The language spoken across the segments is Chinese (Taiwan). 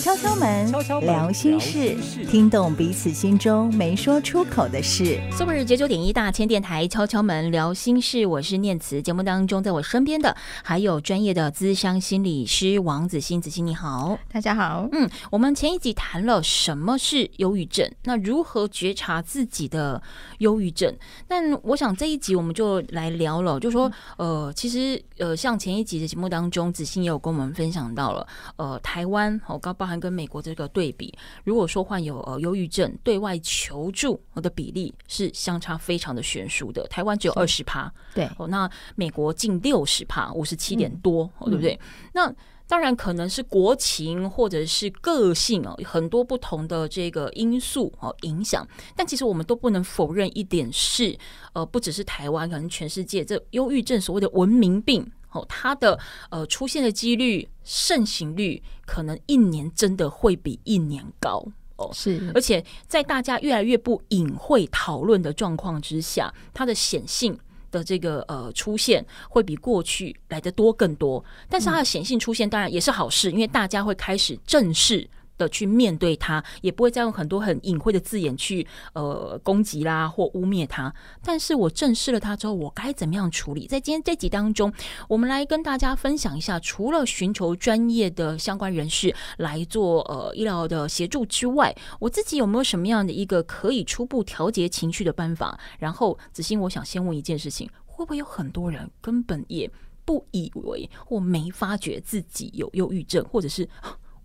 敲敲門，聊心室，聽懂彼此心中沒說出口的事。蘇北九九點一大千電台，敲敲門，聊心室。我是念慈，節目當中在我身邊的還有專業的諮商心理師王子欣，子欣你好，大家好。嗯，我們前一集談了什麼是憂鬱症，那如何覺察自己的憂鬱症？但我想這一集我們就來聊了，就說呃，其實呃，像前一集的節目當中，子欣也有跟我們分享到了呃，台灣和、哦、高巴包含跟美國這個對比，如果說患有呃憂鬱症，對外求助的比例是相差非常的懸殊的。台灣只有二十趴，對哦，那美國近六十趴，五十七點多，嗯，對不對？那當然可能是國情或者是個性很多不同的這個因素哦影響。但其實我們都不能否認一點是，呃，不只是台灣，可能全世界這憂鬱症所謂的文明病。哦，它的呃出現的幾率、盛行率可能一年真的會比一年高哦，是。而且在大家越來越不隱晦討論的狀況之下，它的顯性的這個呃出現會比過去來得多更多。但是它的顯性出現當然也是好事，嗯、因為大家會開始正視的去面對他，也不會再用很多很隱晦的字眼去呃攻擊啦或污衊他。但是我正視了他之後，我該怎麼樣處理？在今天這集當中，我們來跟大家分享一下，除了尋求專業的相關人士來做呃醫療的協助之外，我自己有沒有什麼樣的一個可以初步調節情緒的辦法？然後子欣，我想先問一件事情：會不會有很多人根本也不以為或沒發覺自己有憂鬱症，或者是？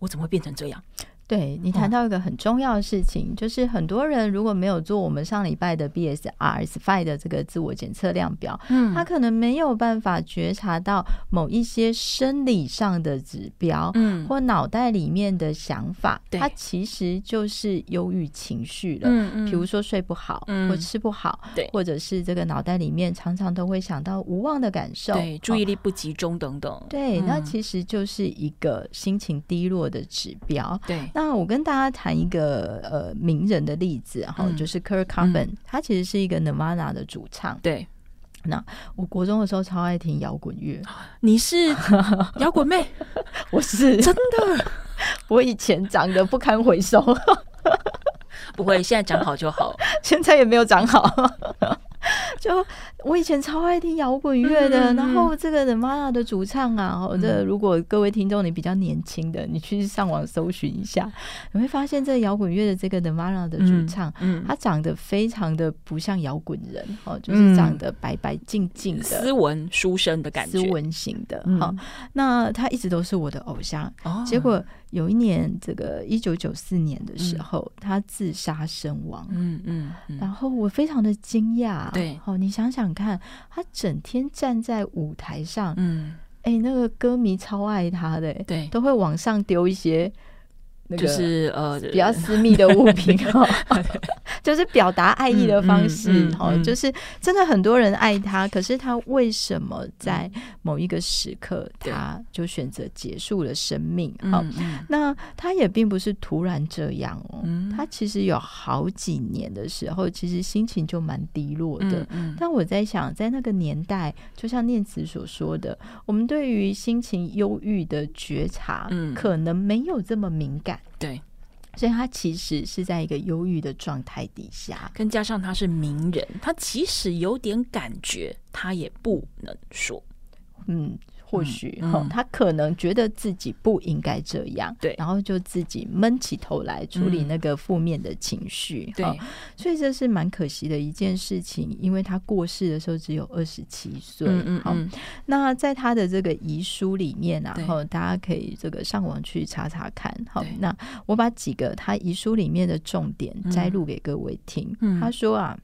我怎麼會變成這樣？對，你談到一個很重要的事情、嗯，就是很多人如果沒有做我們上禮拜的 B S R S F I 的這個自我檢測量表，嗯，他可能沒有辦法覺察到某一些生理上的指標，嗯，或腦袋裡面的想法，嗯、他其實就是憂鬱情緒了。嗯，譬如說睡不好，嗯、或吃不好、嗯，或者是這個腦袋裡面常常都會想到無望的感受，對，哦、注意力不集中等等，對、嗯，那其實就是一個心情低落的指標，對、嗯。那我跟大家談一個呃名人的例子哈、嗯，就是 Kurt Cobain，r、嗯、他其實是一個 Nirvana 的主唱。對，那我國中的時候超愛聽搖滾樂，你是搖滾 妹，我是真的， 我以前長得不堪回首 ，不會現在長好就好， 現在也沒有長好。 就我以前超愛聽搖滾樂的、嗯，然後這個 The Mara 的主唱啊，嗯、這個、如果各位聽眾你比較年輕的，你去上網搜尋一下，你會發現這個搖滾樂的這個 The Mara 的主唱，他、嗯嗯、長得非常的不像搖滾人、嗯、哦，就是長得白白淨淨的，斯文書生的感覺，斯文型的哈、嗯哦。那他一直都是我的偶像，哦、結果。有一年，這個一九九四年的時候，嗯，他自殺身亡，嗯嗯嗯。然後我非常的驚訝。對，你想想看，他整天站在舞台上，嗯，哎，欸，那個歌迷超愛他的，都會往上丟一些。就是呃，比較私密的物品，就是，呃、 就是表達愛意的方式，嗯嗯嗯。哦，就是真的很多人愛他，嗯，可是他為什麼在某一個時刻他就選擇結束了生命？哈、哦嗯嗯，那他也並不是突然這樣哦，嗯，他其實有好幾年的時候，其實心情就蠻低落的，嗯嗯。但我在想，在那個年代，就像念慈所說的，我們對於心情憂鬱的覺察，可能沒有這麼敏感。嗯嗯對，所以他其實是在一個憂鬱的狀態底下，更加上他是名人，他即使有點感覺，他也不能說，嗯。或許他可能覺得自己不應該這樣，對、嗯嗯，然後就自己悶起頭來處理那個負面的情緒，對，所以這是蠻可惜的一件事情、嗯，因為他過世的時候只有二十七歲，嗯嗯，嗯。那在他的這個遺書裡面、啊，然後大家可以這個上網去查查看，好，那我把幾個他遺書裡面的重點摘錄給各位聽、嗯嗯。他說啊，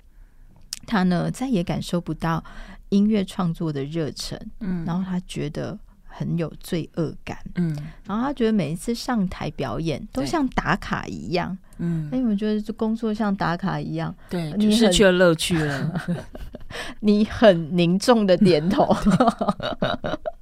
他呢再也感受不到，音樂創作的熱忱、嗯，然後他覺得很有罪惡感、嗯，然後他覺得每一次上台表演都像打卡一樣，欸、嗯，哎，因為覺得這工作像打卡一樣？對，失、就是、去了樂趣了、啊。 你很凝重的點頭。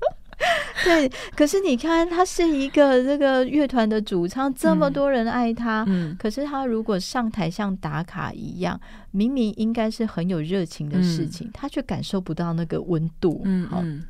對，可是你看，他是一個這個樂團的主唱，這麼多人愛他、嗯嗯，可是他如果上台像打卡一樣，明明應該是很有熱情的事情，嗯、他卻感受不到那個溫度，嗯，然、嗯、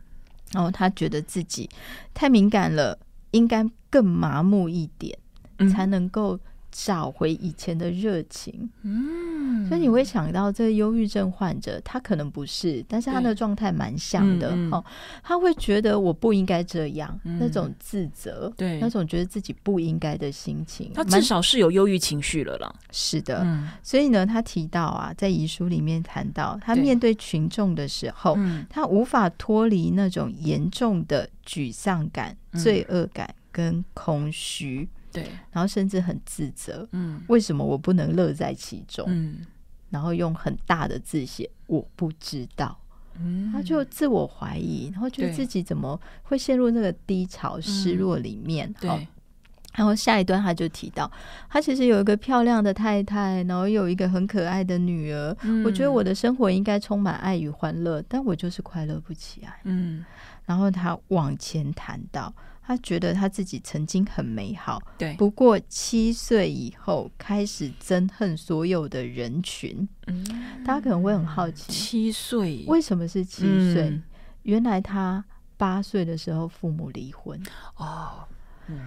後、哦哦、他覺得自己太敏感了，應該更麻木一點，嗯、才能夠。找回以前的熱情，嗯，所以你會想到，這憂鬱症患者他可能不是，但是他的狀態蠻像的，嗯嗯，哦，他會覺得我不應該這樣，嗯，那種自責，對，那種覺得自己不應該的心情，他至少是有憂鬱情緒了啦。是的，嗯，所以呢，他提到啊，在遺書裡面談到，他面對群眾的時候，嗯，他無法脫離那種嚴重的沮喪感、嗯、罪惡感跟空虛。對，然後甚至很自責，嗯，為什麼我不能樂在其中？嗯，然後用很大的字寫我不知道，嗯，他就自我懷疑，然後覺得自己怎麼會陷入那個低潮、失落裡面？好、嗯哦，然後下一段他就提到，他其實有一個漂亮的太太，然後有一個很可愛的女兒，嗯、我覺得我的生活應該充滿愛與歡樂，但我就是快樂不起來。嗯，然後他往前談到。他覺得他自己曾經很美好，對，不過七歲以後開始憎恨所有的人群，他、嗯、大家可能會很好奇，七歲為什麼是七歲、嗯？原來他八歲的時候父母離婚，哦，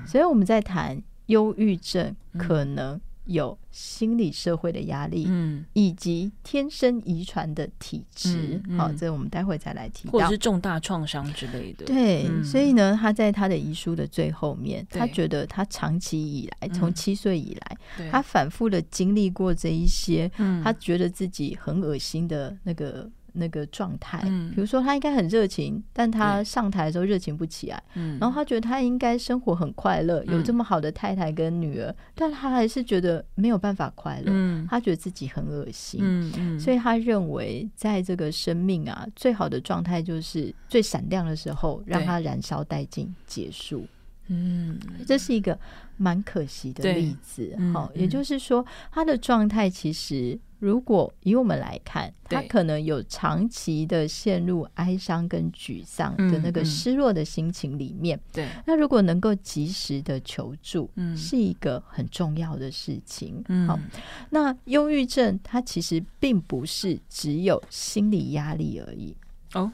所以我們在談憂鬱症、嗯、可能。有心理社會的壓力，嗯，以及天生遺傳的體質，嗯，好，這我們待會再來提到，或者是重大創傷之類的，對，嗯，所以呢，他在他的遺書的最後面，他覺得他長期以來，嗯，從七歲以來，嗯，他反復的經歷過這一些，嗯，他覺得自己很惡心的那個。那個狀態，比如說他應該很熱情、嗯，但他上台的時候熱情不起來、嗯。然後他覺得他應該生活很快樂、嗯，有這麼好的太太跟女兒，嗯、但他還是覺得沒有辦法快樂、嗯。他覺得自己很噁心、嗯嗯，所以他認為在這個生命啊，最好的狀態就是最閃亮的時候讓他，讓它燃燒殆盡結束。嗯，這是一個蠻可惜的例子。好、嗯，也就是說他的狀態其實。如果以我們來看，他可能有長期的陷入哀傷跟沮喪的那個失落的心情裡面。對，那如果能夠及時的求助，是一個很重要的事情，嗯。好，那憂鬱症它其實並不是只有心理壓力而已哦，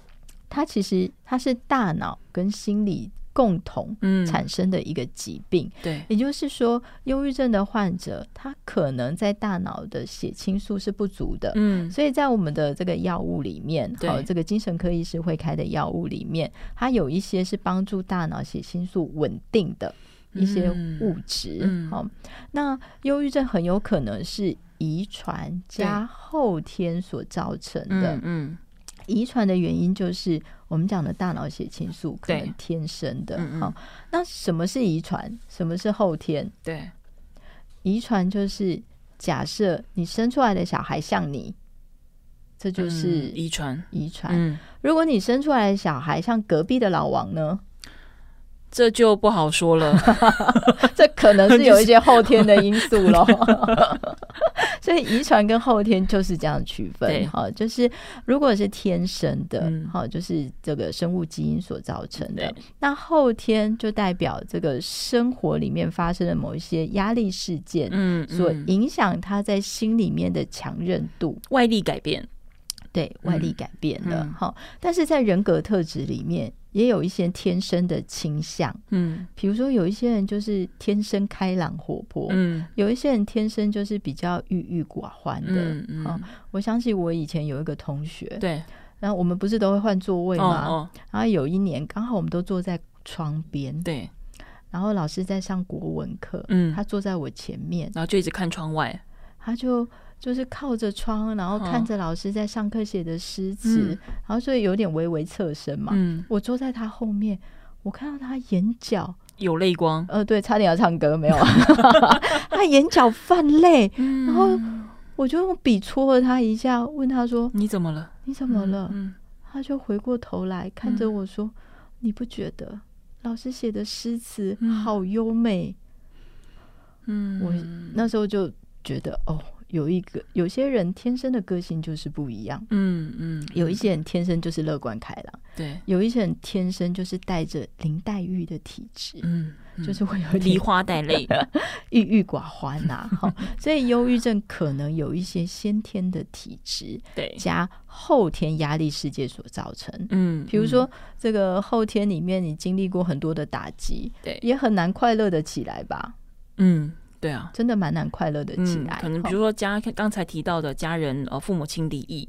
它其實它是大腦跟心理。共同產生的一個疾病，嗯、對，也就是說，憂鬱症的患者，他可能在大腦的血清素是不足的，嗯、所以在我們的這個藥物裡面，好、哦，這個精神科醫師會開的藥物裡面，它有一些是幫助大腦血清素穩定的一些物質，好、嗯嗯哦，那憂鬱症很有可能是遺傳加後天所造成的，嗯嗯遺傳的原因就是我們講的大腦血清素可能天生的。好、啊嗯嗯，那什麼是遺傳？什麼是後天？對，遺傳就是假設你生出來的小孩像你，這就是遺傳。遺傳、嗯、遺傳、嗯。如果你生出來的小孩像隔壁的老王呢，這就不好說了。 這可能是有一些後天的因素咯。 所以遺傳跟後天就是這樣區分，哈， 就是如果是天生的，哈、嗯，就是這個生物基因所造成的，那後天就代表這個生活裡面發生的某一些壓力事件，嗯，所影響他在心裡面的強韌度、嗯嗯，外力改變，對外力改變的，但是在人格特質裡面。也有一些天生的傾向，嗯，比如說有一些人就是天生開朗活潑，嗯，有一些人天生就是比較鬱鬱寡歡的。嗯嗯，嗯，我相信我以前有一個同學，對，然後我們不是都會換座位嗎？哦，然後有一年剛好我們都坐在窗邊，對，然後老師在上國文課，嗯，他坐在我前面，然後就一直看窗外，他就。就是靠着窗，然後看着老師在上課寫的詩詞、嗯，然後所以有點微微側身嘛、嗯。我坐在他後面，我看到他眼角有淚光。呃，對，差點要唱歌，沒有。 他眼角泛淚、嗯，然後我就用筆戳了他一下，問他說：“你怎麼了？你怎麼了？”嗯嗯、他就回過頭來看着我說、嗯：“你不覺得老師寫的詩詞好優美？”嗯，我那時候就覺得哦。有一個有些人天生的個性就是不一樣，嗯嗯，有一些人天生就是樂觀開朗，對，有一些人天生就是帶着林黛玉的體質，嗯，嗯，就是會有梨花帶淚、鬱 鬱寡歡吶、啊。 好，所以憂鬱症可能有一些先天的體質，對，加後天壓力事件所造成，嗯，比如說這個後天裡面你經歷過很多的打擊，對，也很難快樂的起來吧，嗯。對啊，真的蠻難快樂的起來、嗯。可能比如說家剛才提到的家人，呃、哦，父母親離異，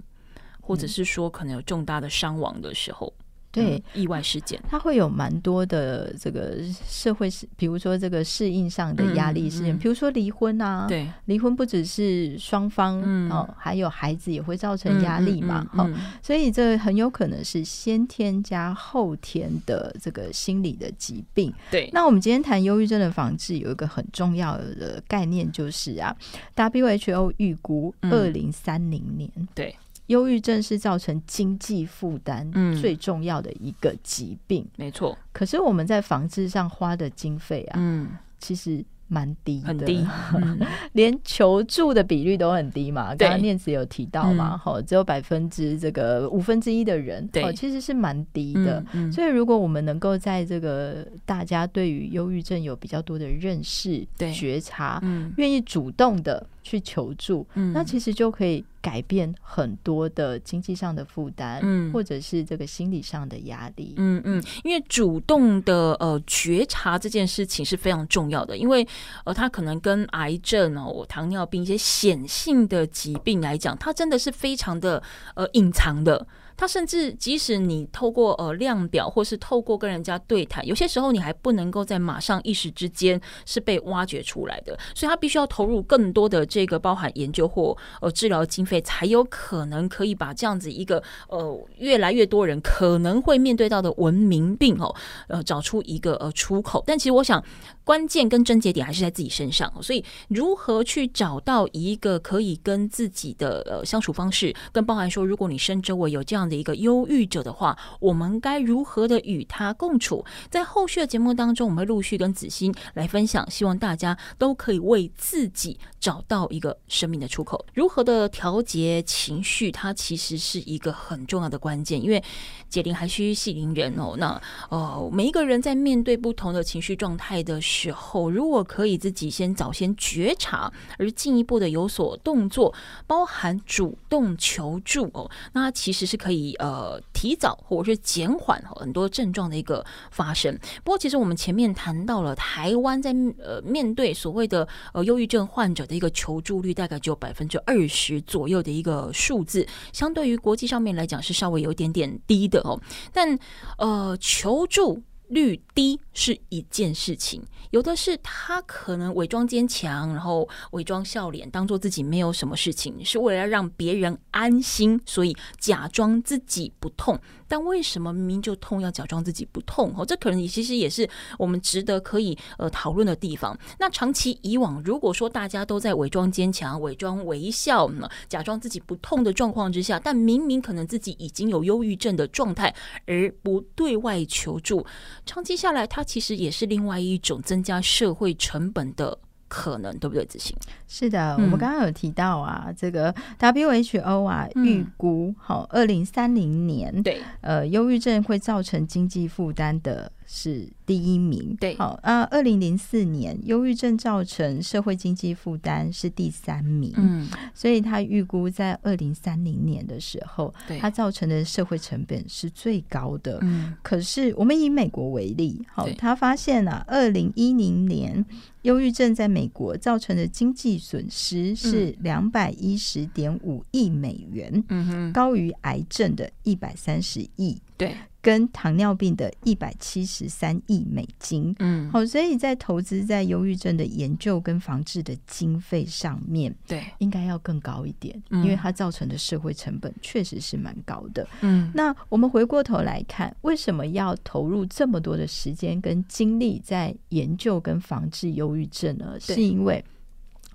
或者是說可能有重大的傷亡的時候。嗯對、嗯、意外事件，他會有蠻多的這個社會比如說這個適應上的壓力事件、嗯嗯，比如說離婚啊，對，離婚不只是雙方、嗯、哦，還有孩子也會造成壓力嘛，哈、嗯嗯嗯嗯哦，所以這很有可能是先天加後天的這個心理的疾病。對，那我們今天談憂鬱症的防治，有一個很重要的概念就是啊、嗯、，WHO 預估二零三零年、嗯、對。憂鬱症是造成經濟負擔最重要的一個疾病，嗯、沒錯。可是我們在防治上花的經費啊、嗯，其實蠻低的，很低，嗯、 連求助的比率都很低嘛。剛剛念慈有提到嘛，嗯、吼，只有百分之這個五分之一的人，對，其實是蠻低的、嗯嗯。所以如果我們能夠在這個大家對於憂鬱症有比較多的認識、覺察，願、嗯、意主動的去求助，嗯、那其實就可以。改變很多的經濟上的負擔，嗯，或者是這個心理上的壓力，嗯嗯，因為主動的呃覺察這件事情是非常重要的，因為呃，它可能跟癌症哦、糖尿病一些顯性的疾病來講，它真的是非常的呃隱藏的。他甚至即使你透過呃量表，或是透過跟人家對談，有些時候你還不能夠在馬上一時之間是被挖掘出來的，所以他必須要投入更多的這個包含研究或呃治療經費，才有可能可以把這樣子一個呃越來越多人可能會面對到的文明病哦呃找出一個呃出口。但其實我想關鍵跟症結點還是在自己身上，所以如何去找到一個可以跟自己的呃相處方式，跟包含說如果你身周圍有這樣。的一個憂鬱者的話，我們該如何的與他共處？在後續的節目當中，我們會陸續跟子欣來分享，希望大家都可以為自己找到一個生命的出口。如何的調節情緒，它其實是一個很重要的關鍵。因為解鈴還須繫鈴人哦。那呃、哦，每一個人在面對不同的情緒狀態的時候，如果可以自己先早先覺察，而進一步的有所動作，包含主動求助哦，那其實是可以。以呃提早或者是減緩很多症狀的一個發生。不過，其實我們前面談到了台灣在呃面對所謂的呃憂鬱症患者的一個求助率，大概只有百分之二十左右的一個數字，相對於國際上面來講是稍微有點點低的哦。但呃求助率低是一件事情，有的是他可能偽裝堅強，然後偽裝笑臉，當做自己沒有什麼事情，是為了要讓別人安心，所以假裝自己不痛。但為什麼明明就痛，要假裝自己不痛？哦，這可能也其實也是我們值得可以呃討論的地方。那長期以往，如果說大家都在偽裝堅強、偽裝微笑呢、嗯，假裝自己不痛的狀況之下，但明明可能自己已經有憂鬱症的狀態，而不對外求助。長期下來，它其實也是另外一種增加社會成本的可能，對不對，子欣？是的，嗯、我們剛剛有提到啊，這個 WHO 啊預、嗯、估好，二零三零年，對，呃，憂鬱症會造成經濟負擔的。是第一名，對。好、哦，啊、呃，二零零四年，憂鬱症造成社會經濟負擔是第三名，嗯，所以他預估在二零三零年的時候，他造成的社會成本是最高的，嗯，可是我們以美國為例，好、哦，他發現啊，二零一零年，憂鬱症在美國造成的經濟損失是兩百一十點五億美元，嗯，高於癌症的一百三十億，對。嗯，對。跟糖尿病的一百七十三億美金，嗯，好，所以在投資在憂鬱症的研究跟防治的經費上面，對，應該要更高一點，嗯，因為它造成的社會成本確實是蠻高的，嗯。那我們回過頭來看，為什麼要投入這麼多的時間跟精力在研究跟防治憂鬱症呢？是因為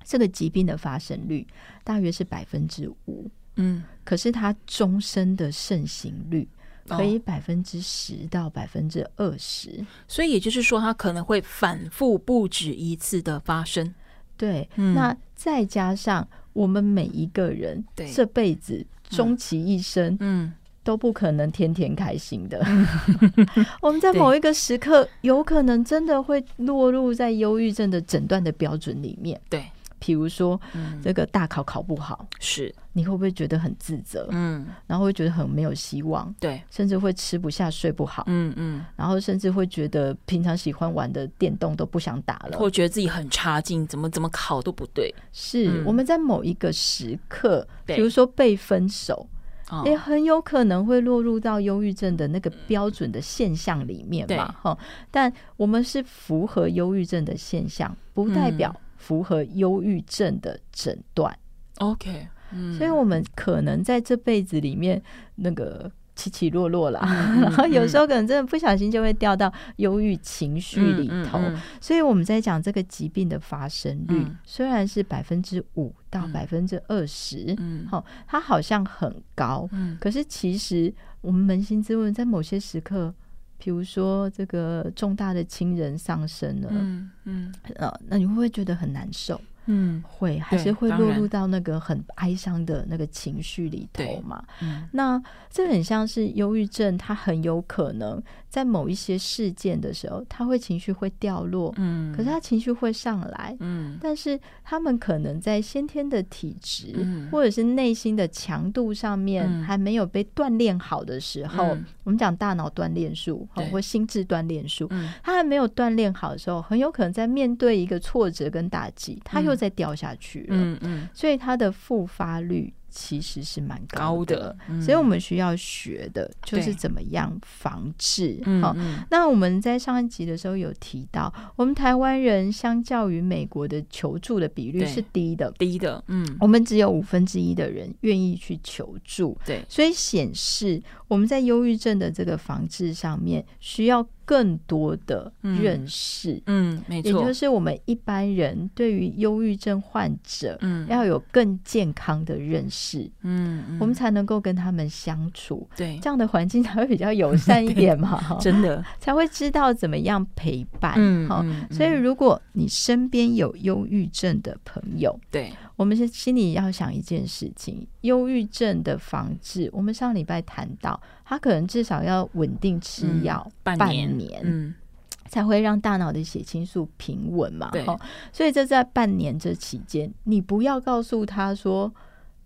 這個疾病的發生率大約是百分之五，嗯，可是它終身的盛行率。可以百分之十到百分之二十，Oh, 所以也就是說，它可能會反覆不止一次的發生。對、嗯，那再加上我們每一個人，對，這輩子終其一生，嗯，都不可能天天開心的。嗯嗯、 我們在某一個時刻，有可能真的會落入在憂鬱症的診斷的標準裡面。對。比如說，這個大考考不好，嗯、是你會不會覺得很自責？嗯，然後會覺得很沒有希望，對，甚至會吃不下睡不好，嗯嗯，然後甚至會覺得平常喜歡玩的電動都不想打了，或覺得自己很差勁，怎麼怎麼考都不對。是、嗯、我們在某一個時刻，比如說被分手，也、哦欸、很有可能會落入到憂鬱症的那個標準的現象裡面嘛？哈、嗯，但我們是符合憂鬱症的現象，不代表、嗯。符合憂鬱症的診斷，OK，、嗯、所以我們可能在這輩子裡面那個起起落落啦，嗯嗯嗯、 然後有時候可能真的不小心就會掉到憂鬱情緒裡頭、嗯嗯嗯。所以我們在講這個疾病的發生率，嗯、雖然是百分之五到百分之二十，嗯，好、哦，它好像很高，嗯，可是其實我們捫心自問，在某些時刻。比如說，這個重大的親人喪生了，嗯嗯，呃，那你會不會覺得很難受？嗯，會，還是會落入到那個很哀傷的那個情緒裡頭嘛，嗯？那這很像是憂鬱症，它很有可能。在某一些事件的時候，他會情緒會掉落，嗯、可是他情緒會上來、嗯，但是他們可能在先天的體質、嗯，或者是內心的強度上面還沒有被鍛鍊好的時候，嗯、我們講大腦鍛鍊術、嗯、或心智鍛鍊術，他還沒有鍛鍊好的時候，很有可能在面對一個挫折跟打擊，他又再掉下去了，嗯、所以他的復發率。其實是蠻高的，高的、嗯，所以我們需要學的就是怎麼樣防治。哈、哦嗯嗯，那我們在上一集的時候有提到，我們台灣人相較於美國的求助的比率是低的，低的。嗯，我們只有五分之一的人願意去求助。對，所以顯示我們在憂鬱症的這個防治上面需要。更多的認識，嗯，嗯，沒錯，也就是我們一般人對於憂鬱症患者，要有更健康的認識，嗯，嗯，嗯，我們才能夠跟他們相處，對，這樣的環境才會比較友善一點嘛，真的才會知道怎麼樣陪伴，嗯，所以如果你身邊有憂鬱症的朋友，對，我們是心裡要想一件事情。憂鬱症的防治，我們上禮拜談到，他可能至少要穩定吃藥半年，嗯、半年、嗯，才會讓大腦的血清素平穩嘛。對，所以這在半年這期間，你不要告訴他說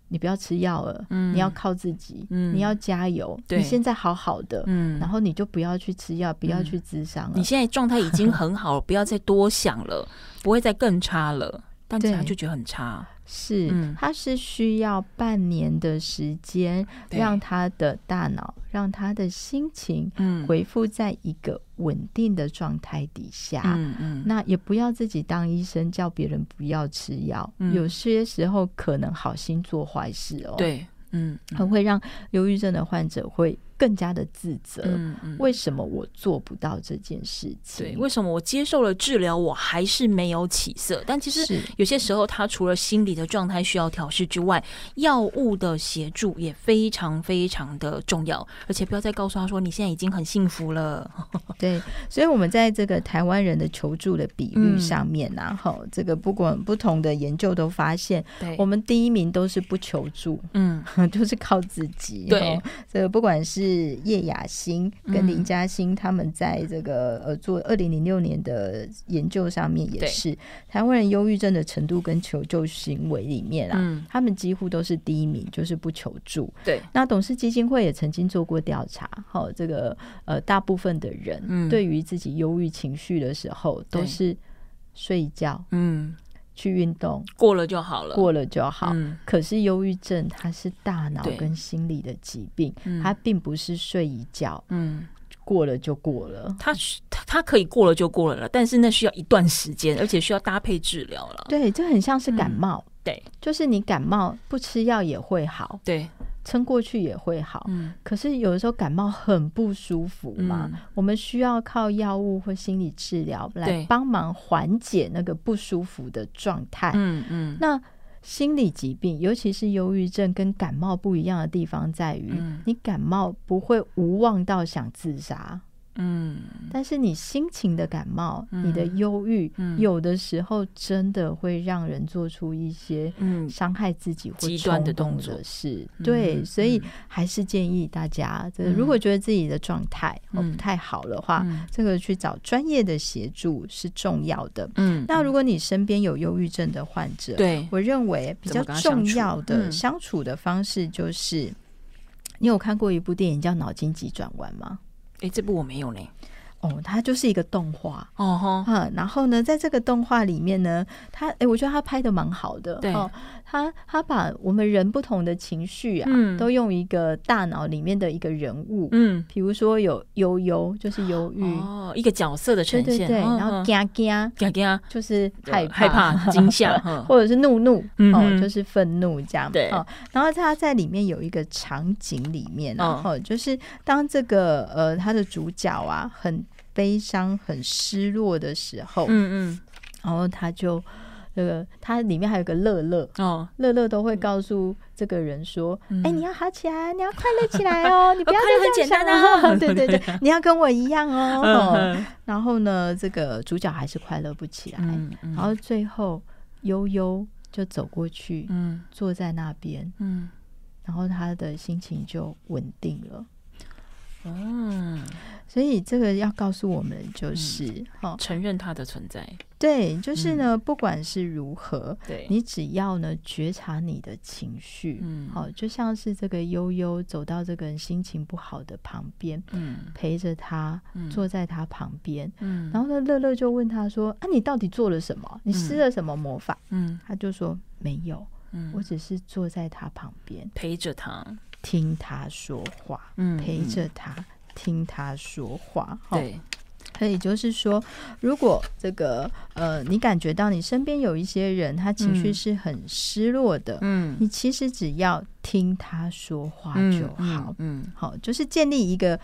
你不要吃藥了、嗯，你要靠自己，嗯、你要加油。你現在好好的、嗯，然後你就不要去吃藥，不要去自傷了。你現在狀態已經很好了， 不要再多想了，不會再更差了。但是他就覺得很差，嗯，是，他是需要半年的時間，讓他的大腦，讓他的心情，嗯，恢復在一個穩定的狀態底下，嗯嗯，那也不要自己當醫生，叫別人不要吃藥，嗯，有些時候可能好心做壞事哦，對，嗯，嗯很會讓憂鬱症的患者會。更加的自責、嗯嗯，為什麼我做不到這件事情？對，為什麼我接受了治療，我還是沒有起色？但其實有些時候，他除了心理的狀態需要調試之外，藥物的協助也非常非常的重要。而且不要再告訴他說，你現在已經很幸福了。對，所以，我們在這個台灣人的求助的比率上面呢、啊，哈、嗯，這個不管不同的研究都發現，對我們第一名都是不求助，嗯，都、就是靠自己。對，這個不管是。是葉雅欣跟林嘉欣，他們在這個呃做二零零六年的研究上面也是，台灣人憂鬱症的程度跟求救行為裡面啊，他們幾乎都是第一名，就是不求助。對，那董氏基金會也曾經做過調查，好，這個呃大部分的人對於自己憂鬱情緒的時候，都是睡覺。嗯。去運動過了就好了，過了就好。嗯，可是憂鬱症它是大腦跟心理的疾病，嗯，它並不是睡一覺，嗯，過了就過了。它它可以過了就過了了，但是那需要一段時間， 而且需要搭配治療了。對，就很像是感冒，嗯，對，就是你感冒不吃藥也會好，對。撐過去也會好，嗯，可是有的時候感冒很不舒服嘛，嗯，我們需要靠藥物或心理治療來幫忙緩解那個不舒服的狀態，嗯嗯。那心理疾病，尤其是憂鬱症，跟感冒不一樣的地方在於，嗯，你感冒不會無望到想自殺。嗯，但是你心情的感冒，嗯、你的憂鬱、嗯，有的時候真的會讓人做出一些傷害自己或極端的動作。是，對，所以還是建議大家，嗯這個、如果覺得自己的狀態不太好的話、嗯，這個去找專業的協助是重要的。嗯，那如果你身邊有憂鬱症的患者，對我認為比較重要的相處的方式就是，嗯、你有看過一部電影叫《腦筋急轉彎》嗎？哎，這部我沒有嘞。哦，它就是一個動畫，哦吼，嗯，然後呢，在這個動畫裡面呢，它，哎，我覺得它拍的蠻好的，對。哦他他把我們人不同的情緒啊、嗯，都用一個大腦裡面的一個人物，嗯，比如說有憂憂，就是憂鬱，哦，一個角色的呈現，對，對，對，嗯，然後驚驚驚驚，就是害怕，嗯，害怕驚嚇，或者是怒怒，哦，嗯嗯嗯，就是憤怒這樣，對，嗯，然後他在裡面有一個場景裡面，然後就是當這個呃他的主角啊很悲傷很失落的時候，嗯嗯，然後他就。這個它裡面還有個樂樂，哦，樂樂都會告訴這個人說：“哎、嗯欸，你要好起來，你要快樂起來哦， 你不要再這樣想哦， 啊、 對對對， 你要跟我一樣哦， 哦。然後呢，這個主角還是快樂不起來、嗯嗯。然後最後憂憂就走過去，嗯、坐在那邊、嗯，然後他的心情就穩定了。嗯，所以這個要告訴我們，就是、嗯哦、承認他的存在。對，就是呢，嗯、不管是如何，對，你只要呢覺察你的情緒，嗯，好、哦，就像是這個憂憂走到這個人心情不好的旁邊，嗯，陪着他、嗯，坐在他旁邊，嗯，然後呢，樂樂就問他說：“啊，你到底做了什麼？你施了什麼魔法？”嗯，他就說：“沒有，嗯、我只是坐在他旁邊，陪着他。”聽他說話，陪着他聽他說話。對、嗯嗯，所以就是說，如果這個呃，你感覺到你身邊有一些人，他情緒是很失落的，嗯，你其實只要聽他說話就好，嗯，嗯嗯好，就是建立一個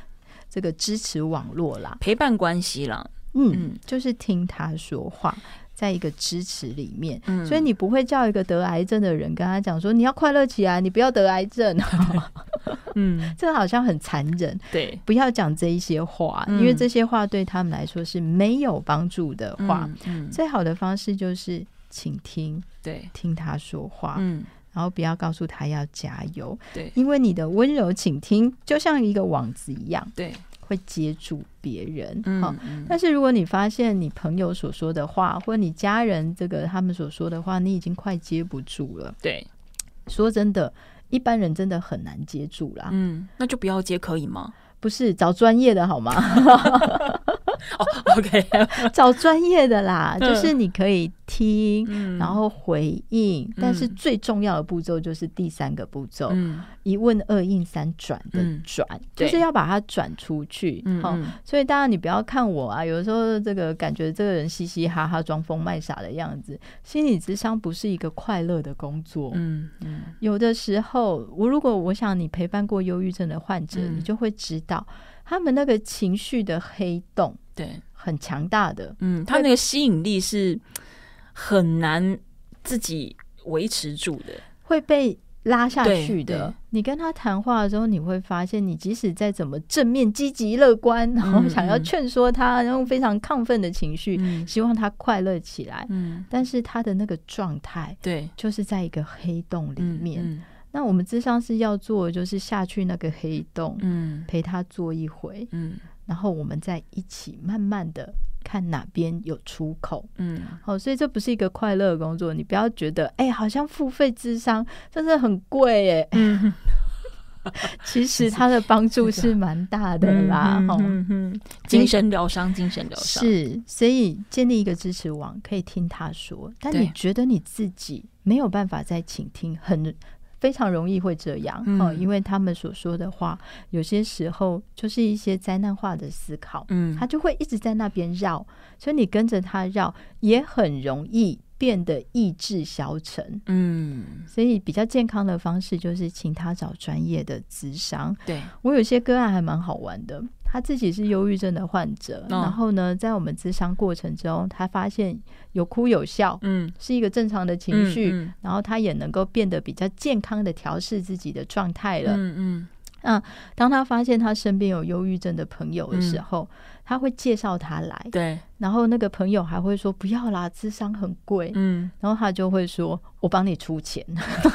這個支持網絡啦，陪伴關係啦，嗯，就是聽他說話。在一個支持裡面、嗯，所以你不會叫一個得癌症的人跟他講說：“你要快樂起來，你不要得癌症、哦。”嗯， 這個好像很殘忍。對，不要講這一些話、嗯，因為這些話對他們來說是沒有幫助的話、嗯嗯。最好的方式就是傾聽，對，聽他說話，嗯、然後不要告訴他要加油，對，因為你的溫柔，傾聽，就像一個網子一樣，對。會接住別人。嗯，但是如果你發現你朋友所說的話，嗯，或者你家人這個他們所說的話，你已經快接不住了。對，說真的，一般人真的很難接住啦。嗯，那就不要接可以嗎？不是找專業的好嗎？ 哦 ，OK，找專業的啦、嗯。就是你可以聽，嗯、然後回應、嗯，但是最重要的步驟就是第三個步驟、嗯，一問二應三轉的轉、嗯，就是要把它轉出去。好、嗯，所以大家你不要看我啊，有的時候這個感覺這個人嘻嘻哈哈裝瘋賣傻的樣子，心理諮商不是一個快樂的工作。嗯，有的時候我如果我想你陪伴過憂鬱症的患者，嗯、你就會知道他們那個情緒的黑洞。對，很強大的。嗯，他那個吸引力是很難自己維持住的，會被拉下去的。你跟他談話的時候，你會發現，你即使再怎麼正面、積極、樂觀，然後想要勸說他、嗯，用非常亢奮的情緒、嗯，希望他快樂起來，嗯，但是他的那個狀態，對，就是在一個黑洞裡面。嗯嗯、那我們諮商是要做的，就是下去那個黑洞，嗯，陪他坐一回，嗯。然後我們再一起，慢慢的看哪邊有出口。嗯，好、哦，所以這不是一個快樂的工作，你不要覺得，哎、欸，好像付費諮商真的很貴，欸，哎、嗯。 其實他的幫助是蠻大的啦， 嗯，精神療傷，精神療傷、欸、是，所以建立一個支持網，可以聽他說。但你覺得你自己沒有辦法再傾聽，很。非常容易會這樣嗯，嗯，因為他們所說的話，有些時候就是一些災難化的思考，嗯，他就會一直在那邊繞，所以你跟着他繞也很容易變得意志消沉，嗯，所以比較健康的方式就是請他找專業的諮商。對，我有些個案還蠻好玩的。他自己是憂鬱症的患者，oh. 然後呢，在我們諮商過程中，他發現有哭有笑，嗯、是一個正常的情緒、嗯嗯，然後他也能夠變得比較健康的調適自己的狀態了，嗯嗯、啊，當他發現他身邊有憂鬱症的朋友的時候，嗯、他會介紹他來，對。然後那個朋友還會說不要啦，諮商很貴。嗯，然後他就會說：“我幫你出錢。 ”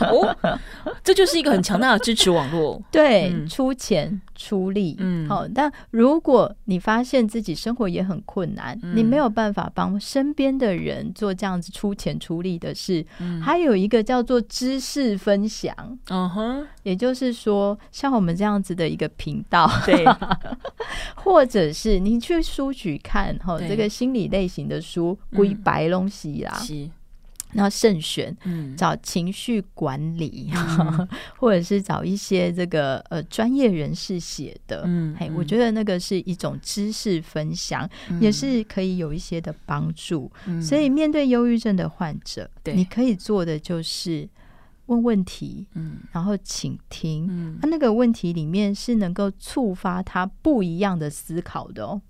哦，這就是一個很強大的支持網絡。 對，出錢出力。嗯，好、哦。但如果你發現自己生活也很困難、嗯，你沒有辦法幫身邊的人做這樣子出錢出力的事，嗯、還有一個叫做知識分享。嗯、也就是說，像我們這樣子的一個頻道，對， 或者是你去書局看。這個心理類型的書歸白龍溪啦，那慎選、嗯，找情緒管理、嗯，或者是找一些這個呃專業人士寫的，嗯，嗯，我覺得那個是一種知識分享，嗯、也是可以有一些的幫助、嗯。所以面對憂鬱症的患者，對、嗯，你可以做的就是問問題，嗯，然後傾聽，他、嗯啊、那個問題裡面是能夠觸發他不一樣的思考的哦。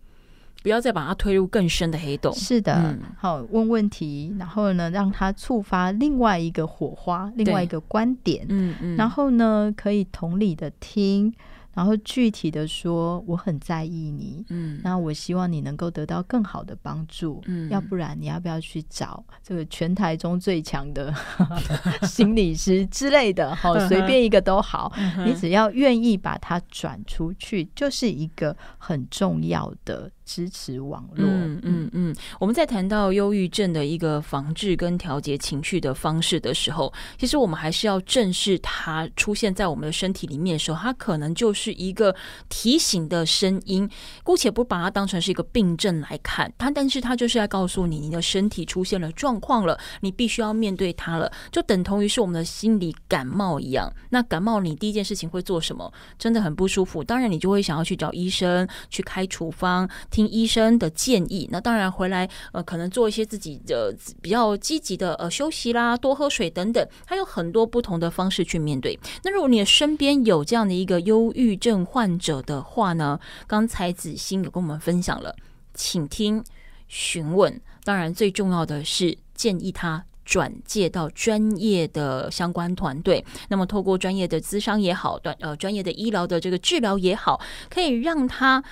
不要再把它推入更深的黑洞。是的，嗯、好問問題，然後呢，讓它觸發另外一個火花，另外一個觀點。嗯嗯，然後呢，可以同理的聽。然後具體的說，我很在意你，嗯，那我希望你能夠得到更好的幫助，嗯，要不然你要不要去找這個全台中最強的、嗯、 心理師之類的，好，隨便一個都好，嗯、你只要願意把它轉出去、嗯，就是一個很重要的支持網絡。嗯嗯，我們在談到憂鬱症的一個防治跟調節情緒的方式的時候，其實我們還是要正視它出現在我們的身體裡面的時候，它可能就是。是一個提醒的聲音，姑且不把它當成是一個病症來看，它，但是它就是要告訴你，你的身體出現了狀況了，你必須要面對它了，就等同於是我們的心理感冒一樣。那感冒你第一件事情會做什麼？真的很不舒服，當然你就會想要去找醫生，去開處方，聽醫生的建議。那當然回來呃，可能做一些自己的比較積極的呃休息啦，多喝水等等，它有很多不同的方式去面對。那如果你的身邊有這樣的一個憂鬱，症患者的話呢，剛才子欣有跟我們分享了，請聽詢問。當然，最重要的是建議他轉介到專業的相關團隊。那麼，透過專業的諮商也好，專呃專業的醫療的這個治療也好，可以讓他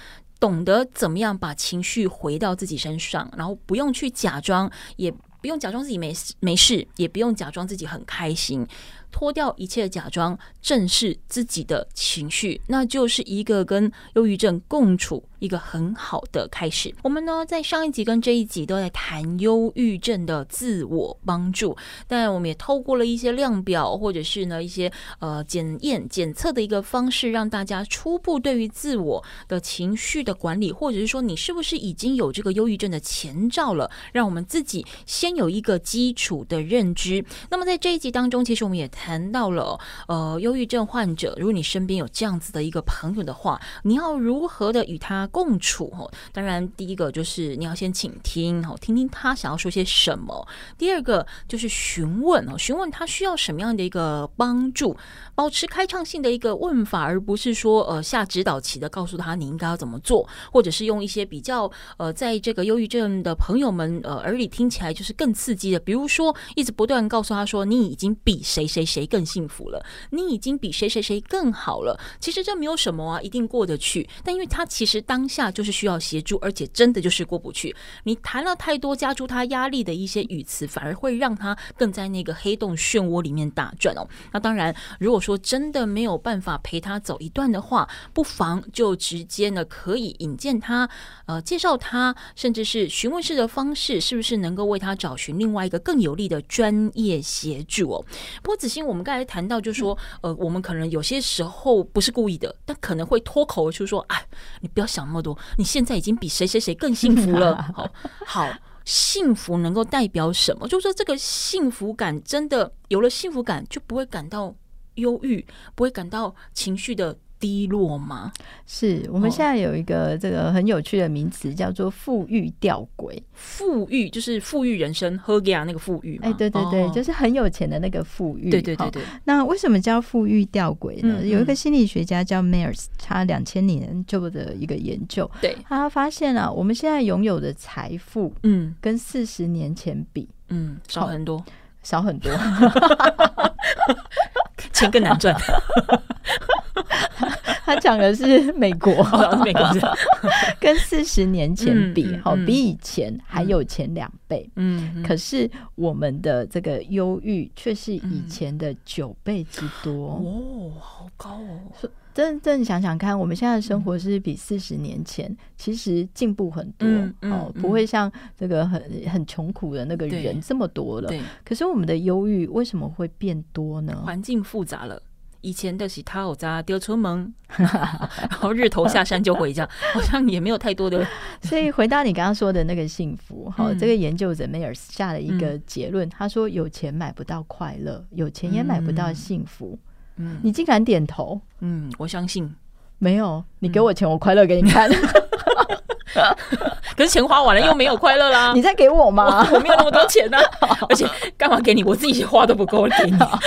懂得怎麼樣把情緒回到自己身上，然後不用去假裝，也不用假裝自己沒事沒事，也不用假裝自己很開心。脫掉一切假裝，正視自己的情緒，那就是一個跟憂鬱症共處一個很好的開始。我們呢，在上一集跟這一集都在談憂鬱症的自我幫助，但我們也透過了一些量表，或者是呢一些呃檢驗檢測的一個方式，讓大家初步對於自我的情緒的管理，或者是說你是不是已經有這個憂鬱症的前兆了，讓我們自己先有一個基礎的認知。那麼，在這一集當中，其實我們也談到了呃，憂鬱症患者，如果你身邊有這樣子的一個朋友的話，你要如何的與他，共處吼，當然第一個就是你要先傾聽吼，聽聽他想要說些什麼。第二個就是詢問哦，詢問他需要什麼樣的一個幫助，保持開創性的一個問法，而不是說呃，下指導棋的告訴他你應該要怎麼做，或者是用一些比較呃在這個憂鬱症的朋友們呃耳裡聽起來就是更刺激的，比如說一直不斷告訴他說你已經比誰誰誰更幸福了，你已經比誰誰誰更好了，其實這沒有什麼啊，一定過得去。但因為他其實當當下就是需要協助，而且真的就是過不去。你談了太多加諸他壓力的一些語詞，反而會讓他更在那個黑洞漩渦裡面打轉哦。那當然，如果說真的沒有辦法陪他走一段的話，不妨就直接呢可以引薦他，呃，介紹他，甚至是詢問式的方式，是不是能夠為他找尋另外一個更有利的專業協助哦。不過子欣，我們剛才談到就，就是、嗯、說，呃，我們可能有些時候不是故意的，但可能會脫口而出說：“哎，你不要想。”那麼多，你現在已經比誰誰誰更幸福了。 好好，幸福能夠代表什麼？就是說這個幸福感，真的有了幸福感，就不會感到憂鬱，不會感到情緒的低落嗎？是我們現在有一個這個很有趣的名詞，叫做富“富裕吊詭”。富裕就是富裕人生，喝 g 呀那個富裕。哎、欸，對對對、哦，就是很有錢的那個富裕。對對對，對、哦、那為什麼叫“富裕吊詭”呢、嗯？有一個心理學家叫 Myers，他兩千年做的一個研究，對，他發現了、啊、我們現在擁有的財富，嗯，跟四十年前比，嗯，少很多。哦少很多， 錢更難賺。 他講的是美國，跟四十年前比，比以前還有前兩倍嗯。嗯，可是我們的這個憂鬱卻是以前的九倍之多。哦，好高哦。真真想想看，我們現在的生活是比四十年前、嗯、其實進步很多、嗯嗯、哦，不會像這個很很窮苦的那個人這麼多了。對，可是我們的憂鬱為什麼會變多呢？環境複雜了，以前都是掏渣丟出門， 然後日頭下山就回家， 好像也沒有太多的。所以回到你剛剛說的那個幸福，好、嗯哦，這個研究者梅爾斯下了一個結論、嗯，他說：有錢買不到快樂，有錢也買不到幸福。嗯嗯，你竟敢點頭？嗯，我相信沒有，你給我錢，嗯，我快樂給你看。 可是錢花完了，又沒有快樂啦！ 你再給我嗎 我？我沒有那麼多錢呢、啊。 好好，而且幹嘛給你？我自己花都不夠，然後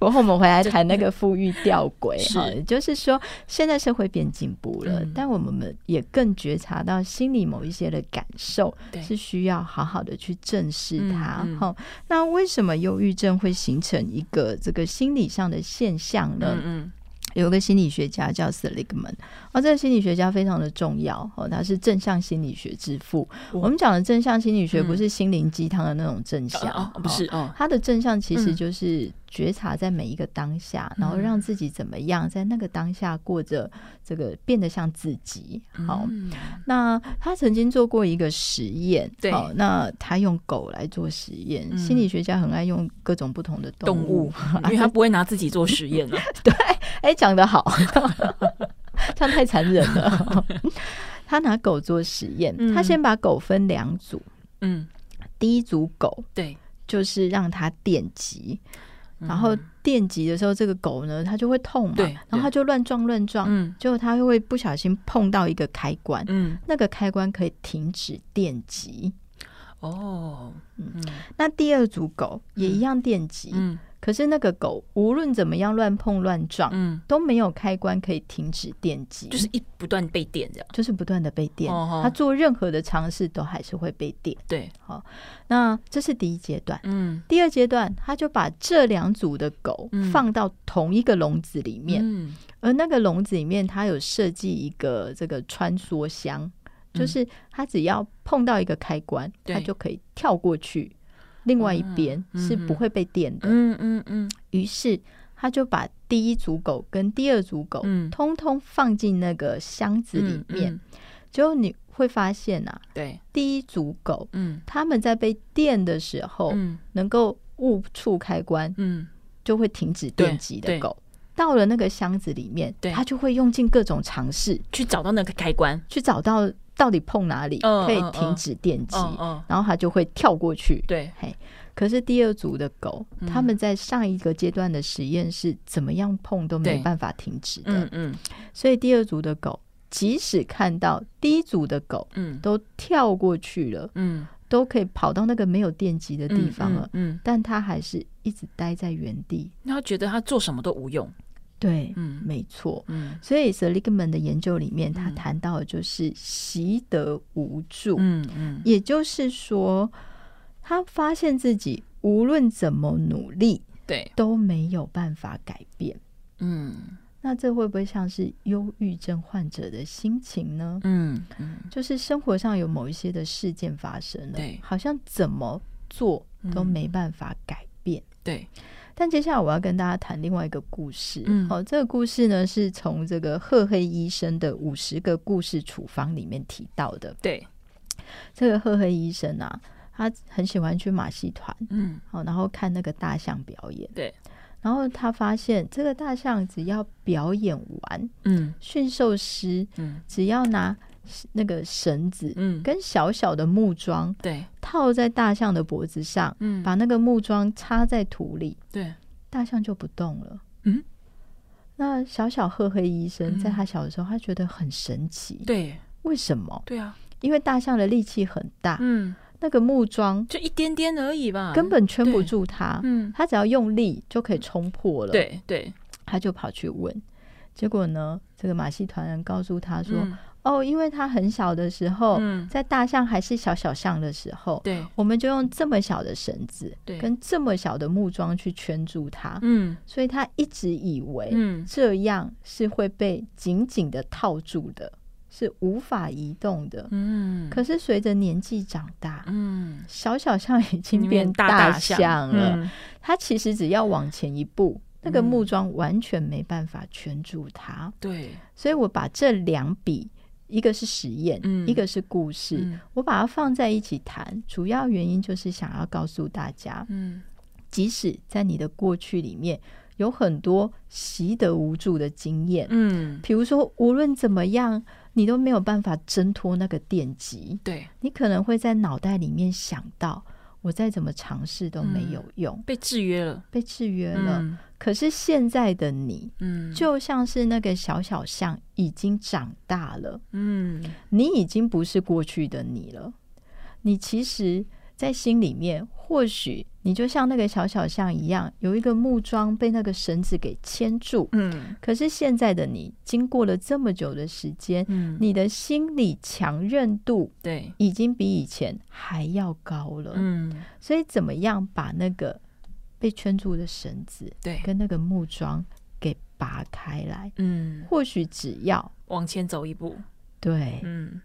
我我們回來談那個富裕吊詭，是，就是說，現在社會變進步了，嗯、但我們也更覺察到心理某一些的感受是需要好好的去正視它。嗯嗯，那為什麼憂鬱症會形成一個這個心理上的現象呢？嗯，嗯。有個心理學家叫 Seligman，、哦、這個心理學家非常的重要哦，他是正向心理學之父、哦。我們講的正向心理學不是心靈雞湯的那種正向，不、哦、是哦，哦。他的正向其實就是覺察在每一個當下，嗯、然後讓自己怎麼樣在那個當下過着這個變得像自己。好、哦嗯，那他曾經做過一個實驗，對、哦、那他用狗來做實驗、嗯。心理學家很愛用各種不同的動物，動物因為他不會拿自己做實驗 對。哎、欸，講得好， 這樣太殘忍了。 他拿狗做實驗、嗯，他先把狗分兩組、嗯，第一組狗，對，就是讓它電擊，然後電擊的時候，這個狗呢，它就會痛嘛，對，然後它就亂撞亂撞，嗯，結果它會不小心碰到一個開關，嗯，那個開關可以停止電擊。哦、oh, 嗯，嗯，那第二組狗也一樣電擊、嗯，可是那個狗無論怎麼樣亂碰亂撞、嗯，都沒有開關可以停止電擊，就是一不斷被電這樣，就是不斷的被電，他、oh, oh. 做任何的嘗試都還是會被電，對，好，那這是第一階段，嗯，第二階段他就把這兩組的狗放到同一個籠子裡面，嗯，而那個籠子裡面他有設計一個這個穿梭箱。就是它只要碰到一個開關，它就可以跳過去。嗯、另外一邊是不會被電的。嗯嗯嗯。於、嗯嗯嗯、是他就把第一組狗跟第二組狗，通通放進那個箱子裡面。之、嗯、後、嗯嗯、你會發現啊，對，第一組狗，它、嗯、他們在被電的時候，能夠誤觸開關、嗯，就會停止電擊的狗。到了那個箱子裡面，他它就會用盡各種嘗試去找到那個開關，去找到。到底碰哪裡可以停止電擊、哦哦哦？然後它就會跳過去。對，嘿，可是第二組的狗，他、嗯、們在上一個階段的實驗是怎麼樣碰都沒辦法停止的。嗯嗯、所以第二組的狗，即使看到第一組的狗，嗯、都跳過去了、嗯，都可以跑到那個沒有電擊的地方了，嗯嗯嗯、但他還是一直待在原地。那他覺得他做什麼都無用。對，嗯，沒錯，嗯，所以 Seligman 的研究裡面，他談到的就是習得無助，嗯嗯，也就是說，他發現自己無論怎麼努力，對，都沒有辦法改變，嗯，那這會不會像是憂鬱症患者的心情呢嗯？嗯，就是生活上有某一些的事件發生了，對，好像怎麼做都沒辦法改變，嗯、對。但接下來我要跟大家談另外一個故事。好、嗯哦，這個故事呢，是從這個赫黑醫生的五十個故事處方裡面提到的。對，這個赫黑醫生啊，他很喜歡去馬戲團。嗯，好、哦，然後看那個大象表演。對，然後他發現這個大象只要表演完，嗯，馴獸師，嗯，只要拿。那個繩子，嗯，跟小小的木樁，對，套在大象的脖子上，嗯，把那個木樁插在土裡，對、嗯，大象就不動了，嗯。那小小赫黑醫生在他小的時候，他覺得很神奇，對、嗯，為什麼？對啊，因為大象的力氣很大，嗯，那個木樁就一點點而已吧，根本圈不住它，嗯，他只要用力就可以衝破了，對對。他就跑去問，結果呢？這個馬戲團人告訴他說，嗯哦，因為它很小的時候、嗯，在大象還是小小象的時候，對，我們就用這麼小的繩子，跟這麼小的木樁去圈住它，嗯，所以它一直以為，這樣是會被緊緊的套住的、嗯，是無法移動的，嗯。可是隨着年紀長大，嗯，小小象已經變大象了，它、嗯、其實只要往前一步，嗯、那個木樁完全沒辦法圈住它，對。所以我把這兩筆。一個是實驗、嗯，一個是故事、嗯，我把它放在一起談，主要原因就是想要告訴大家、嗯，即使在你的過去裡面有很多習得無助的經驗、嗯，譬如說無論怎麼樣，你都沒有辦法掙脫那個電擊，對，你可能會在腦袋裡面想到。我再怎麼嘗試都沒有用，嗯，被制約了，被制約了，嗯。可是現在的你，嗯，就像是那個小小象已經長大了，嗯，你已經不是過去的你了，你其實。在心裡面，或許你就像那個小小象一樣，有一個木樁被那個繩子給牽住、嗯。可是現在的你，經過了這麼久的時間、嗯，你的心理強韌度已經比以前還要高了。所以怎麼樣把那個被圈住的繩子跟那個木樁給拔開來？嗯、或許只要往前走一步。對，嗯。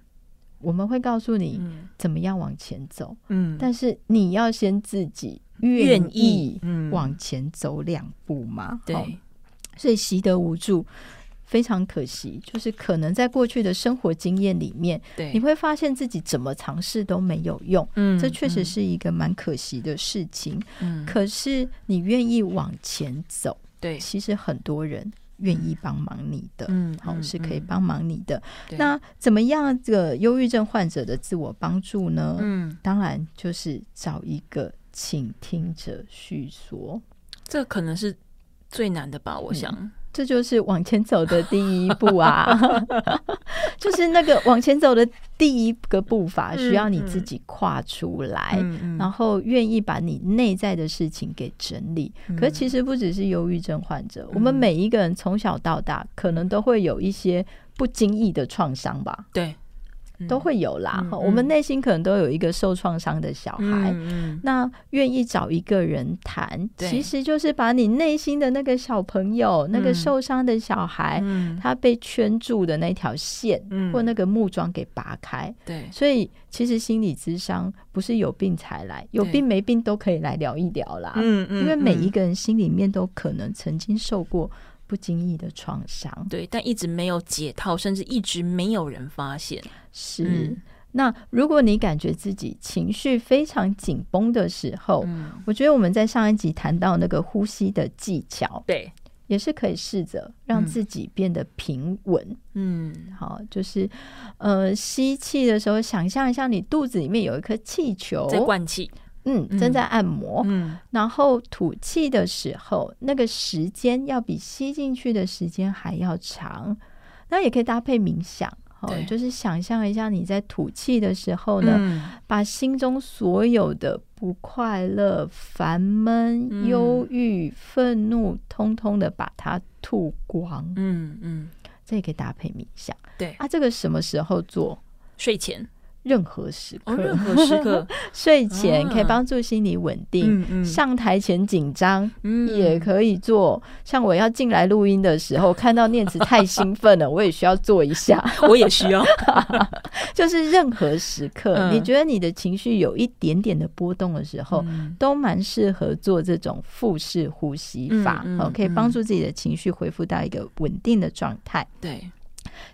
我們會告訴你怎麼樣往前走、嗯，但是你要先自己願意往前走兩步嘛，嗯嗯、對。所以習得無助非常可惜，就是可能在過去的生活經驗裡面，對、你會發現自己怎麼嘗試都沒有用，嗯、這確實是一個蠻可惜的事情，嗯、可是你願意往前走，嗯、對，其實很多人。願意幫忙你的，好、嗯哦嗯、是可以幫忙你的、嗯。那怎麼樣？這個憂鬱症患者的自我幫助呢、嗯？當然就是找一個傾聽者敘說，這個、可能是最難的吧？我想。嗯這就是往前走的第一步啊 就是那個往前走的第一個步伐，需要你自己跨出來，嗯嗯嗯、然後願意把你內在的事情給整理。嗯、可是其實不只是憂鬱症患者，嗯，我們每一個人從小到大，可能都會有一些不經意的創傷吧？對。都會有啦，嗯、我們內心可能都有一個受創傷的小孩，嗯嗯、那願意找一個人談，其實就是把你內心的那個小朋友、嗯、那個受傷的小孩、嗯，他被圈住的那條線、嗯、或那個木樁給拔開。對，所以其實心理諮商不是有病才來，有病沒病都可以來聊一聊啦。因為每一個人心裡面都可能曾經受過。不經意的創傷，對，但一直沒有解套，甚至一直沒有人發現。是，嗯，那如果你感覺自己情緒非常緊繃的時候，嗯，我覺得我們在上一集談到那個呼吸的技巧，對，也是可以試着讓自己變得平穩。嗯，好，就是呃，吸氣的時候想象一下，你肚子裡面有一顆氣球在灌氣。嗯，正在按摩、嗯。然後吐氣的時候、嗯，那個時間要比吸進去的時間還要長。那也可以搭配冥想，哦，就是想象一下你在吐氣的時候呢，嗯、把心中所有的不快樂、嗯、煩悶、憂鬱、嗯、憤怒，通通的把它吐光。嗯嗯，這也可以搭配冥想。對，啊，這個什麼時候做？睡前。任何時刻，哦，任何時刻， 睡前可以幫助心理穩定，嗯嗯；上台前緊張，也可以做。像我要進來錄音的時候，看到念慈太興奮了，我也需要做一下。 我也需要 ，就是任何時刻，你覺得你的情緒有一點點的波動的時候，都蠻適合做這種腹式呼吸法，哦，可以幫助自己的情緒恢復到一個穩定的狀態。對。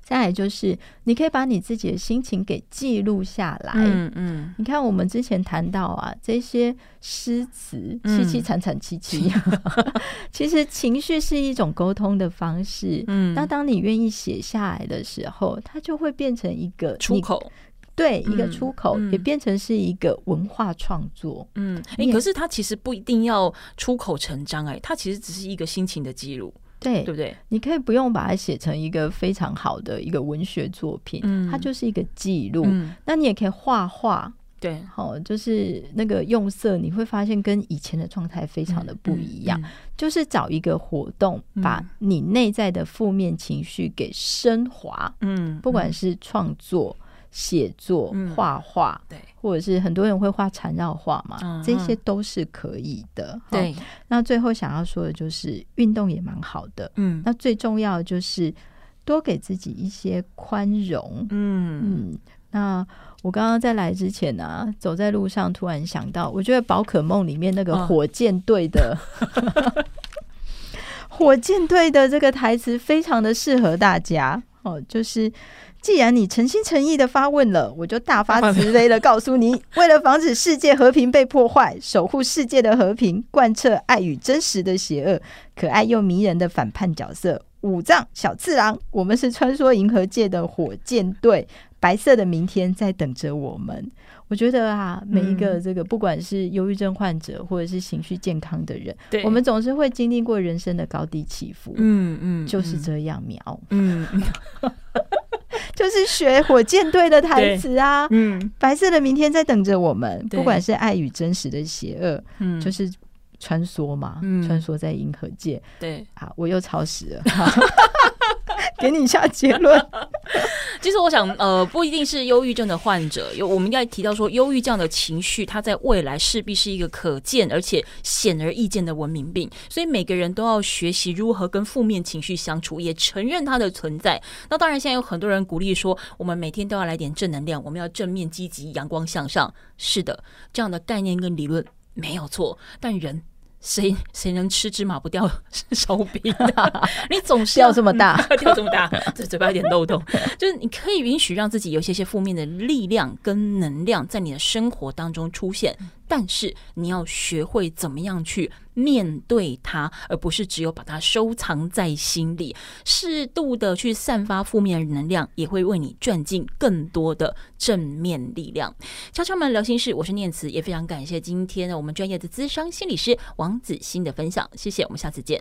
再來就是，你可以把你自己的心情給記錄下來嗯。嗯嗯，你看我們之前談到啊，這些詩詞淒淒慘慘戚戚，其實情緒是一種溝通的方式。嗯，那當你願意寫下來的時候，它就會變成一個出口，對，嗯、一個出口、嗯、也變成是一個文化創作。嗯，哎、欸，可是它其實不一定要出口成章、欸，哎，它其實只是一個心情的記錄。對，對不對？你可以不用把它寫成一個非常好的一個文學作品，嗯、它就是一個記錄、嗯。那你也可以畫畫，對，好、哦，就是那個用色，你會發現跟以前的狀態非常的不一樣。嗯嗯嗯、就是找一個活動、嗯，把你內在的負面情緒給升華。嗯，嗯不管是創作。寫作、畫畫、嗯，對，或者是很多人會畫禪繞畫嘛、嗯，這些都是可以的。對，那最後想要說的，就是運動也蠻好的。嗯，那最重要的就是多給自己一些寬容。嗯嗯，那我剛剛在來之前啊，走在路上突然想到，我覺得寶可夢裡面那個火箭隊的、哦、 火箭隊的這個台詞非常的適合大家哦，就是。既然你誠心誠意的發問了，我就大发慈悲的告訴你、啊啊：為了防止世界和平被破壞， 守護世界的和平，貫徹愛與真實的邪惡，可愛又迷人的反叛角色武藏小次郎，我們是穿梭銀河界的火箭隊，白色的明天在等着我們。我覺得啊，每一個這個、嗯、不管是憂鬱症患者或者是情緒健康的人對，我們總是會經歷過人生的高低起伏。嗯嗯，就是這樣。喵，嗯。 就是學火箭隊的台詞啊，嗯，白色的明天在等着我們，不管是愛與真實的邪惡，就是穿梭嘛，嗯，穿梭在銀河界，對，好，啊，我又超時了。 給你下結論，其實我想，呃，不一定是憂鬱症的患者。有我們應該提到說，憂鬱這樣的情緒，它在未來勢必是一個可見而且顯而易見的文明病。所以每個人都要學習如何跟負面情緒相處，也承認它的存在。那當然，現在有很多人鼓勵說，我們每天都要來點正能量，我們要正面積極、陽光向上。是的，這樣的概念跟理論沒有錯，但人。誰誰能吃芝麻不掉燒餅啊？的 你總是要 掉這麼大， 掉這麼大。這嘴巴有點漏洞。 就是你可以允許讓自己有一些些負面的力量跟能量在你的生活當中出現，但是你要學會怎麼樣去面對它，而不是只有把它收藏在心裡。適度的去散發負面能量，也會為你賺進更多的正面力量。敲敲門聊心室，我是念慈，也非常感謝今天呢，我們專業的諮商心理師王子欣的分享，謝謝，我們下次見。